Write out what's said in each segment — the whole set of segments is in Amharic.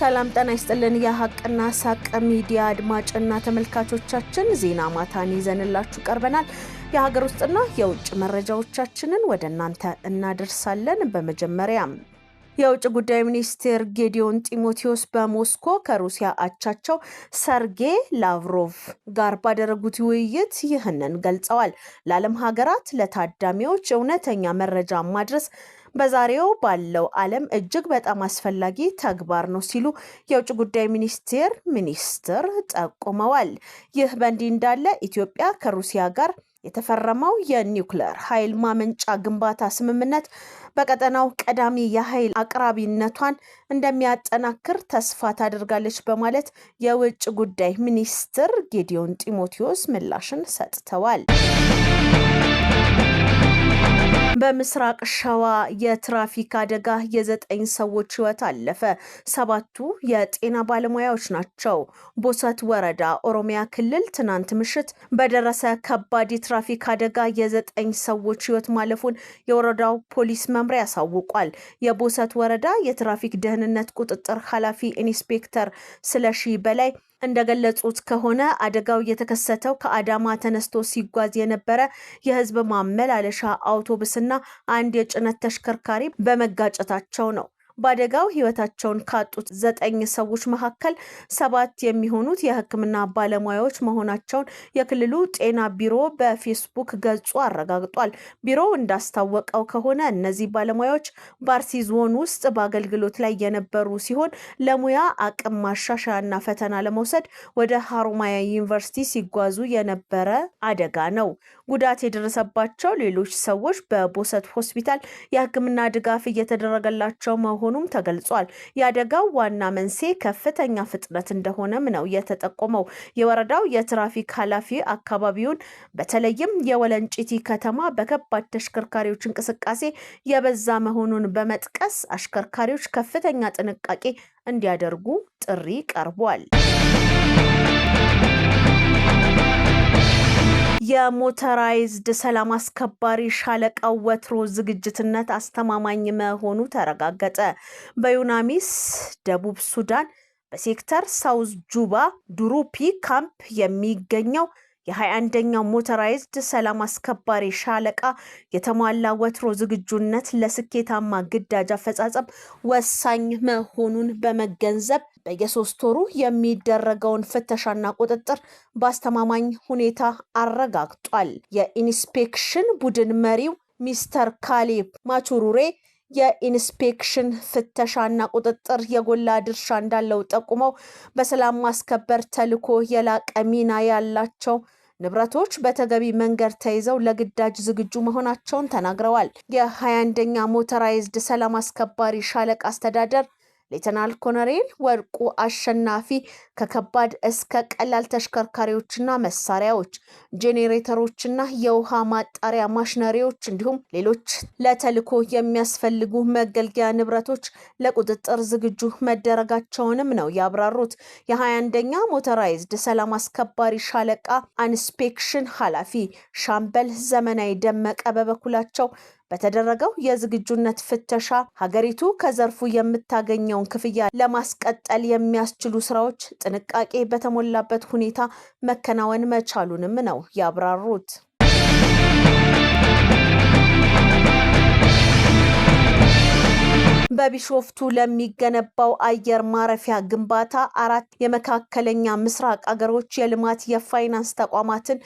ሰላም ጠና ይስጥልን። የሀቅና ሳቅ ሚዲያ አድማጭና ተመልካቾቻችን ዜና ማታን ይዘንላችሁ ቀርበናል። የሀገር ውስጥና የውጭ መረጃዎቻችንን ወደ እናንተ እናደርሳለን። በመጀመሪያም የውጭ ጉዳይ ሚኒስትር ጌዲዮን ጢሞቴዎስ በሞስኮ ከሩሲያ አቻቸው ሰርጌይ ላቭሮቭ ጋር ባደረጉት ውይይት ይህንን ገልጸዋል። ለዓለም ሀገራት ለታዳሚዎች እውነተኛ መረጃ ማድረስ በዛሬው ባለው ዓለም እጅግ በጣም አስፈላጊ ተግባር ነው ሲሉ የውጭ ጉዳይ ሚኒስቴር ሚኒስትር ጠቁመዋል። ይህ በእንዲህ እንዳለ ኢትዮጵያ ከሩሲያ ጋር የተፈረመው የኒውክሌር ኃይል ማመንጫ ግንባታ ስምምነት በቀጠናው ቀዳሚ የኃይል አቅራቢነቷን እንደሚያጠናክር ተስፋ ታደርጋለች በማለት የውጭ ጉዳይ ሚኒስትር ጌዲዮን ጢሞቴዎስ ምላሽን ሰጥተዋል። በምስራቅ ሸዋ የትራፊክ አደጋ የዘጠኝ ሰዎች ህይወት አለፈ። ሰባቱ የጤና ባለሙያዎች ናቸው። ቦሰት ወረዳ ኦሮሚያ ክልል ትናንት ምሽት በደረሰ ከባድ የትራፊክ አደጋ የዘጠኝ ሰዎች ህይወት ማለፉን የወረዳው ፖሊስ መምሪያ አሳውቋል። የቦሰት ወረዳ የትራፊክ ደህንነት ቁጥጥር ኃላፊ ኢንስፔክተር ስለሺ በላይ እንደገለጹት ከሆነ አደጋው የተከሰተው ከአዳማ ተነስቶ ሲጓዝ የነበረ የህዝብ ማመላለሻ አውቶቡስና አንድ የጭነት ተሽከርካሪ በመጋጨታቸው ነው። በአደጋው ህይወታቸውን ካጡት ዘጠኝ ሰዎች መካከል ሰባት የሚሆኑት የህክምና ባለሙያዎች መሆናቸውን የክልሉ ጤና ቢሮ በፌስቡክ ገጹ አረጋግጧል። ቢሮው እንዳስታወቀው ከሆነ እነዚህ ባለሙያዎች ባርሲ ዞን ውስጥ በአገልግሎት ላይ የነበሩ ሲሆን ለሙያ አቅም ማሻሻያና ፈተና ለመውሰድ ወደ ሀሮማያ ዩኒቨርሲቲ ሲጓዙ የነበረ አደጋ ነው። ጉዳት የደረሰባቸው ሌሎች ሰዎች በቦሰት ሆስፒታል የሕክምና ድጋፍ እየተደረገላቸው መሆኑም ተገልጿል። የአደጋው ዋና መንስኤ ከፍተኛ ፍጥነት እንደሆነም ነው የተጠቆመው። የወረዳው የትራፊክ ኃላፊ አካባቢውን በተለይም የወለንጭቲ ከተማ በከባድ ተሽከርካሪዎች እንቅስቃሴ የበዛ መሆኑን በመጥቀስ አሽከርካሪዎች ከፍተኛ ጥንቃቄ እንዲያደርጉ ጥሪ ቀርቧል። የሞተራይዝድ ሰላም አስከባሪ ሻለቃው ወትሮ ዝግጅትነት አስተማማኝ መሆኑ ተረጋገጠ። በዩናሚስ ደቡብ ሱዳን በሴክተር ሳውዝ ጁባ ዱሩፒ ካምፕ የሚገኘው የ21ኛው ሞተራይዝድ ሰላም አስከባሪ ሻለቃ የተሟላ ወትሮ ዝግጁነት ለስኬታማ ግዳጅ አፈጻጸም ወሳኝ መሆኑን በመገንዘብ በየሶስት ወሩ የሚደረገውን ፍተሻና ቁጥጥር በአስተማማኝ ሁኔታ አረጋግጧል። የኢንስፔክሽን ቡድን መሪው ሚስተር ካሌብ ማቹሩሬ የኢንስፔክሽን ፍተሻና ቁጥጥር የጎላ ድርሻ እንዳለው ጠቁመው በሰላም ማስከበር ተልዕኮ የላቀ ሚና ያላቸው ንብረቶች በተገቢ መንገድ ተይዘው ለግዳጅ ዝግጁ መሆናቸውን ተናግረዋል። 21 አንደኛ ሞተራይዝድ ሰላም አስከባሪ ሻለቃ አስተዳደር ሌተናል ኮሎኔል ወርቁ አሸናፊ ከከባድ እስከ ቀላል ተሽከርካሪዎችና መሳሪያዎች፣ ጄኔሬተሮችና የውሃ ማጣሪያ ማሽነሪዎች እንዲሁም ሌሎች ለተልዕኮ የሚያስፈልጉ መገልገያ ንብረቶች ለቁጥጥር ዝግጁ መደረጋቸውንም ነው ያብራሩት። የሀያአንደኛ ሞተራይዝድ ሰላም አስከባሪ ሻለቃ አንስፔክሽን ኃላፊ ሻምበል ዘመናዊ ደመቀ በበኩላቸው በተደረገው የዝግጁነት ፍተሻ ሀገሪቱ ከዘርፉ የምታገኘውን ክፍያ ለማስቀጠል የሚያስችሉ ስራዎች ጥንቃቄ በተሞላበት ሁኔታ መከናወን መቻሉንም ነው ያብራሩት። በቢሾፍቱ ለሚገነባው አየር ማረፊያ ግንባታ አራት የመካከለኛ ምስራቅ አገሮች የልማት የፋይናንስ ተቋማትን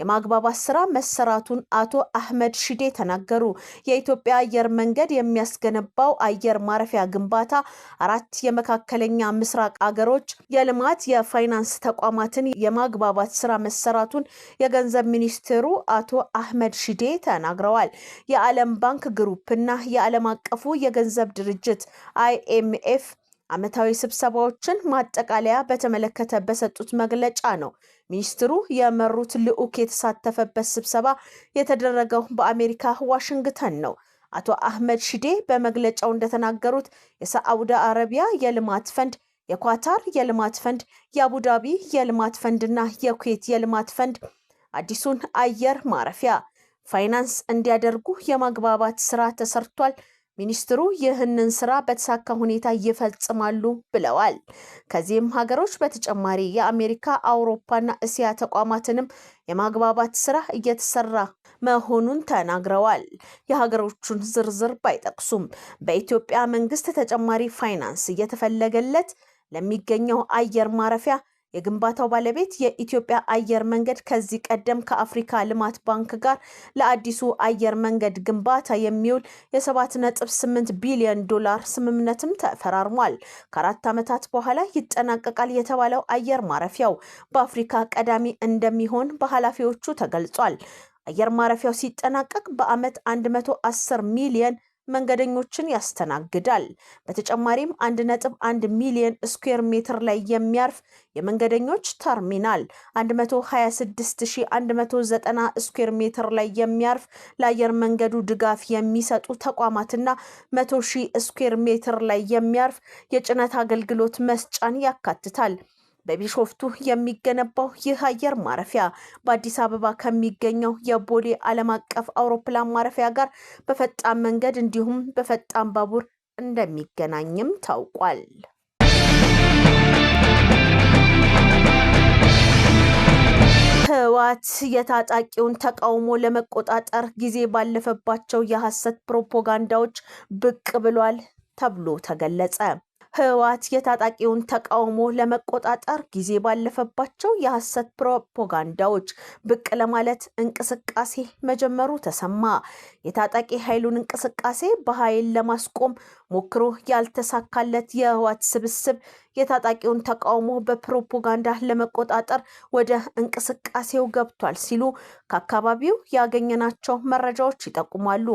የማግባባት ስራ መሰራቱን አቶ አህመድ ሽዴ ተናገሩ። የኢትዮጵያ አየር መንገድ የሚያስገነባው አየር ማረፊያ ግንባታ አራት የመካከለኛ ምስራቅ አገሮች የልማት የፋይናንስ ተቋማትን የማግባባት ስራ መሰራቱን የገንዘብ ሚኒስትሩ አቶ አህመድ ሽዴ ተናግረዋል። የዓለም ባንክ ግሩፕ እና የዓለም አቀፉ የገንዘብ ድርጅት አይኤምኤፍ ዓመታዊ ስብሰባዎችን ማጠቃለያ በተመለከተ በሰጡት መግለጫ ነው ሚኒስትሩ የመሩት ልዑክ የተሳተፈበት ስብሰባ የተደረገው በአሜሪካ ዋሽንግተን ነው። አቶ አህመድ ሽዴ በመግለጫው እንደተናገሩት የሳዑዲ አረቢያ የልማት ፈንድ፣ የኳታር የልማት ፈንድ፣ የአቡዳቢ የልማት ፈንድ እና የኩዌት የልማት ፈንድ አዲሱን አየር ማረፊያ ፋይናንስ እንዲያደርጉ የማግባባት ስራ ተሰርቷል። ሚኒስትሩ ይህንን ስራ በተሳካ ሁኔታ ይፈጽማሉ ብለዋል። ከዚህም ሀገሮች በተጨማሪ የአሜሪካ አውሮፓና እስያ ተቋማትንም የማግባባት ስራ እየተሰራ መሆኑን ተናግረዋል። የሀገሮቹን ዝርዝር ባይጠቅሱም በኢትዮጵያ መንግስት ተጨማሪ ፋይናንስ እየተፈለገለት ለሚገኘው አየር ማረፊያ የግንባታው ባለቤት የኢትዮጵያ አየር መንገድ ከዚህ ቀደም ከአፍሪካ ልማት ባንክ ጋር ለአዲሱ አየር መንገድ ግንባታ የሚውል የ7.8 ቢሊዮን ዶላር ስምምነትም ተፈራርሟል። ከአራት ዓመታት በኋላ ይጠናቀቃል የተባለው አየር ማረፊያው በአፍሪካ ቀዳሚ እንደሚሆን በኃላፊዎቹ ተገልጿል። አየር ማረፊያው ሲጠናቀቅ በዓመት 110 ሚሊዮን መንገደኞችን ያስተናግዳል። በተጨማሪም 1.1 ሚሊዮን ስኩዌር ሜትር ላይ የሚያርፍ የመንገደኞች ተርሚናል፣ 126190 ስኩዌር ሜትር ላይ የሚያርፍ ለአየር መንገዱ ድጋፍ የሚሰጡ ተቋማትና 100 ሺህ ስኩዌር ሜትር ላይ የሚያርፍ የጭነት አገልግሎት መስጫን ያካትታል። በቢሾፍቱ የሚገነባው ይህ አየር ማረፊያ በአዲስ አበባ ከሚገኘው የቦሌ ዓለም አቀፍ አውሮፕላን ማረፊያ ጋር በፈጣን መንገድ እንዲሁም በፈጣን ባቡር እንደሚገናኝም ታውቋል። ህወሓት የታጣቂውን ተቃውሞ ለመቆጣጠር ጊዜ ባለፈባቸው የሐሰት ፕሮፓጋንዳዎች ብቅ ብሏል ተብሎ ተገለጸ። ህወሓት የታጣቂውን ተቃውሞ ለመቆጣጠር ጊዜ ባለፈባቸው የሐሰት ፕሮፓጋንዳዎች ብቅ ለማለት እንቅስቃሴ መጀመሩ ተሰማ። የታጣቂ ኃይሉን እንቅስቃሴ በኃይል ለማስቆም ሞክሮ ያልተሳካለት የህወሓት ስብስብ የታጣቂውን ተቃውሞ በፕሮፓጋንዳ ለመቆጣጠር ወደ እንቅስቃሴው ገብቷል ሲሉ ከአካባቢው ያገኘናቸው መረጃዎች ይጠቁማሉ።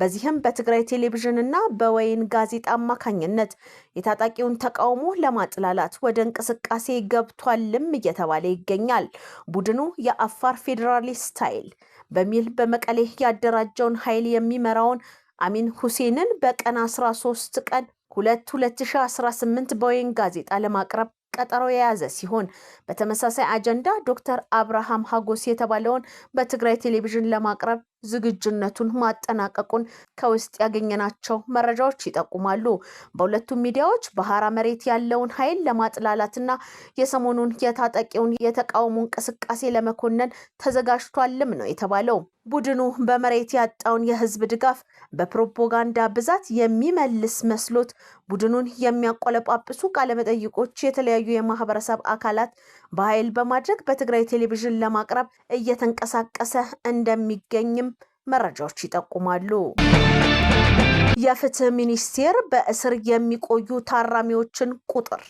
በዚህም በትግራይ ቴሌቪዥንና በወይን ጋዜጣ አማካኝነት የታጣቂውን ተቃውሞ ለማጥላላት ወደ እንቅስቃሴ ገብቷልም እየተባለ ይገኛል። ቡድኑ የአፋር ፌዴራሊስት ኃይል በሚል በመቀሌ ያደራጀውን ኃይል የሚመራውን አሚን ሁሴንን በቀን 13 ቀን 2 2018 በወይን ጋዜጣ ለማቅረብ ቀጠሮ የያዘ ሲሆን በተመሳሳይ አጀንዳ ዶክተር አብርሃም ሀጎስ የተባለውን በትግራይ ቴሌቪዥን ለማቅረብ ዝግጁነቱን ማጠናቀቁን ከውስጥ ያገኘናቸው መረጃዎች ይጠቁማሉ። በሁለቱም ሚዲያዎች በሀራ መሬት ያለውን ኃይል ለማጥላላትና የሰሞኑን የታጠቂውን የተቃውሞ እንቅስቃሴ ለመኮነን ተዘጋጅቷልም ነው የተባለው። ቡድኑ በመሬት ያጣውን የህዝብ ድጋፍ በፕሮፓጋንዳ ብዛት የሚመልስ መስሎት ቡድኑን የሚያቆለጳጵሱ ቃለመጠይቆች የተለያዩ የማህበረሰብ አካላት በኃይል በማድረግ በትግራይ ቴሌቪዥን ለማቅረብ እየተንቀሳቀሰ እንደሚገኝም መረጃዎች ይጠቁማሉ። የፍትህ ሚኒስቴር በእስር የሚቆዩ ታራሚዎችን ቁጥር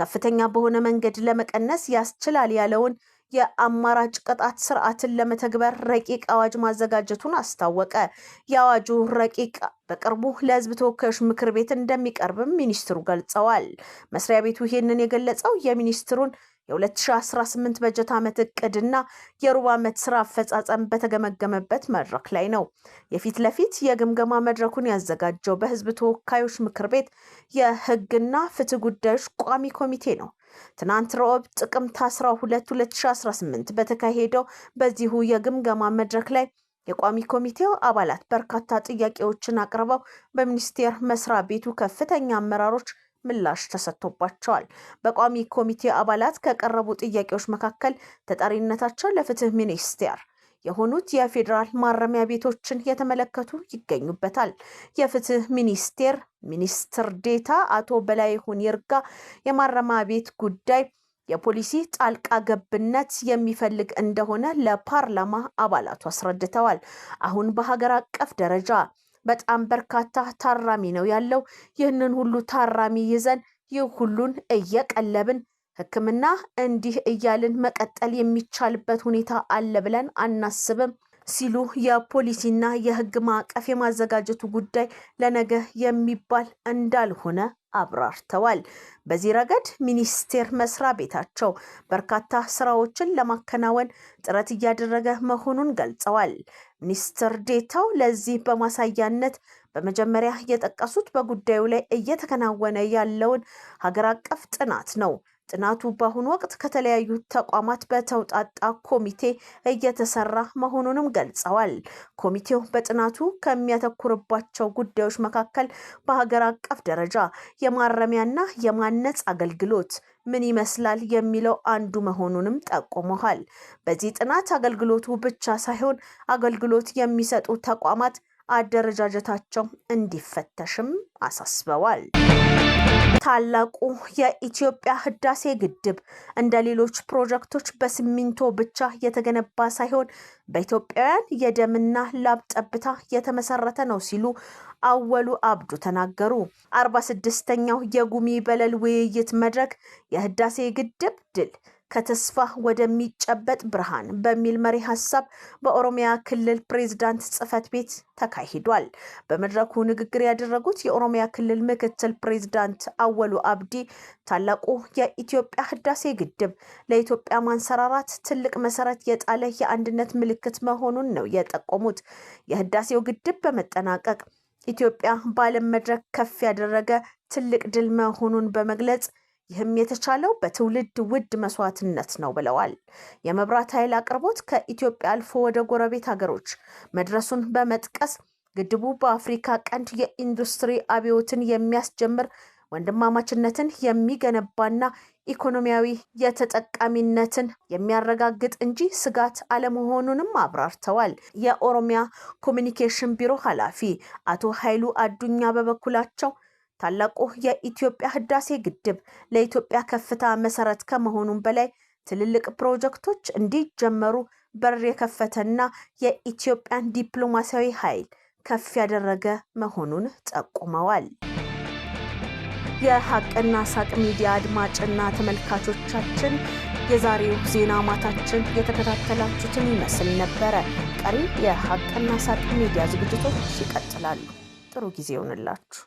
ከፍተኛ በሆነ መንገድ ለመቀነስ ያስችላል ያለውን የአማራጭ ቅጣት ስርዓትን ለመተግበር ረቂቅ አዋጅ ማዘጋጀቱን አስታወቀ። የአዋጁ ረቂቅ በቅርቡ ለሕዝብ ተወካዮች ምክር ቤት እንደሚቀርብም ሚኒስትሩ ገልጸዋል። መስሪያ ቤቱ ይህንን የገለጸው የሚኒስትሩን የ2018 በጀት ዓመት እቅድና የሩብ ዓመት ስራ አፈጻጸም በተገመገመበት መድረክ ላይ ነው። የፊት ለፊት የግምገማ መድረኩን ያዘጋጀው በህዝብ ተወካዮች ምክር ቤት የህግና ፍትህ ጉዳዮች ቋሚ ኮሚቴ ነው። ትናንት ረቡዕ ጥቅምት 12 2018 በተካሄደው በዚሁ የግምገማ መድረክ ላይ የቋሚ ኮሚቴው አባላት በርካታ ጥያቄዎችን አቅርበው በሚኒስቴር መስሪያ ቤቱ ከፍተኛ አመራሮች ምላሽ ተሰጥቶባቸዋል። በቋሚ ኮሚቴ አባላት ከቀረቡ ጥያቄዎች መካከል ተጠሪነታቸው ለፍትህ ሚኒስቴር የሆኑት የፌዴራል ማረሚያ ቤቶችን የተመለከቱ ይገኙበታል። የፍትህ ሚኒስቴር ሚኒስትር ዴታ አቶ በላይሁን ይርጋ የማረሚያ ቤት ጉዳይ የፖሊሲ ጣልቃ ገብነት የሚፈልግ እንደሆነ ለፓርላማ አባላቱ አስረድተዋል። አሁን በሀገር አቀፍ ደረጃ በጣም በርካታ ታራሚ ነው ያለው። ይህንን ሁሉ ታራሚ ይዘን ይህ ሁሉን እየቀለብን ሕክምና እንዲህ እያልን መቀጠል የሚቻልበት ሁኔታ አለ ብለን አናስብም ሲሉ የፖሊሲና የሕግ ማዕቀፍ የማዘጋጀቱ ጉዳይ ለነገ የሚባል እንዳልሆነ አብራርተዋል። በዚህ ረገድ ሚኒስቴር መስሪያ ቤታቸው በርካታ ስራዎችን ለማከናወን ጥረት እያደረገ መሆኑን ገልጸዋል። ሚኒስትር ዴታው ለዚህ በማሳያነት በመጀመሪያ የጠቀሱት በጉዳዩ ላይ እየተከናወነ ያለውን ሀገር አቀፍ ጥናት ነው። ጥናቱ በአሁኑ ወቅት ከተለያዩ ተቋማት በተውጣጣ ኮሚቴ እየተሰራ መሆኑንም ገልጸዋል። ኮሚቴው በጥናቱ ከሚያተኩርባቸው ጉዳዮች መካከል በሀገር አቀፍ ደረጃ የማረሚያና የማነጽ አገልግሎት ምን ይመስላል የሚለው አንዱ መሆኑንም ጠቁመዋል። በዚህ ጥናት አገልግሎቱ ብቻ ሳይሆን አገልግሎት የሚሰጡ ተቋማት አደረጃጀታቸው እንዲፈተሽም አሳስበዋል። ታላቁ የኢትዮጵያ ህዳሴ ግድብ እንደ ሌሎች ፕሮጀክቶች በሲሚንቶ ብቻ የተገነባ ሳይሆን በኢትዮጵያውያን የደምና ላብ ጠብታ የተመሰረተ ነው ሲሉ አወሉ አብዱ ተናገሩ። አርባ ስድስተኛው የጉሚ በለል ውይይት መድረክ የህዳሴ ግድብ ድል ከተስፋ ወደሚጨበጥ ብርሃን በሚል መሪ ሀሳብ በኦሮሚያ ክልል ፕሬዝዳንት ጽህፈት ቤት ተካሂዷል። በመድረኩ ንግግር ያደረጉት የኦሮሚያ ክልል ምክትል ፕሬዝዳንት አወሉ አብዲ ታላቁ የኢትዮጵያ ህዳሴ ግድብ ለኢትዮጵያ ማንሰራራት ትልቅ መሰረት የጣለ የአንድነት ምልክት መሆኑን ነው የጠቆሙት። የህዳሴው ግድብ በመጠናቀቅ ኢትዮጵያ በዓለም መድረክ ከፍ ያደረገ ትልቅ ድል መሆኑን በመግለጽ ይህም የተቻለው በትውልድ ውድ መስዋዕትነት ነው ብለዋል። የመብራት ኃይል አቅርቦት ከኢትዮጵያ አልፎ ወደ ጎረቤት ሀገሮች መድረሱን በመጥቀስ ግድቡ በአፍሪካ ቀንድ የኢንዱስትሪ አብዮትን የሚያስጀምር ወንድማማችነትን የሚገነባና ኢኮኖሚያዊ የተጠቃሚነትን የሚያረጋግጥ እንጂ ስጋት አለመሆኑንም አብራርተዋል። የኦሮሚያ ኮሚኒኬሽን ቢሮ ኃላፊ አቶ ኃይሉ አዱኛ በበኩላቸው ታላቁ የኢትዮጵያ ህዳሴ ግድብ ለኢትዮጵያ ከፍታ መሰረት ከመሆኑም በላይ ትልልቅ ፕሮጀክቶች እንዲጀመሩ በር የከፈተና የኢትዮጵያን ዲፕሎማሲያዊ ኃይል ከፍ ያደረገ መሆኑን ጠቁመዋል። የሀቅና ሳቅ ሚዲያ አድማጭና ተመልካቾቻችን የዛሬው ዜና ማታችን የተከታተላችሁትን ይመስል ነበረ። ቀሪ የሀቅና ሳቅ ሚዲያ ዝግጅቶች ይቀጥላሉ። ጥሩ ጊዜ ይሆንላችሁ።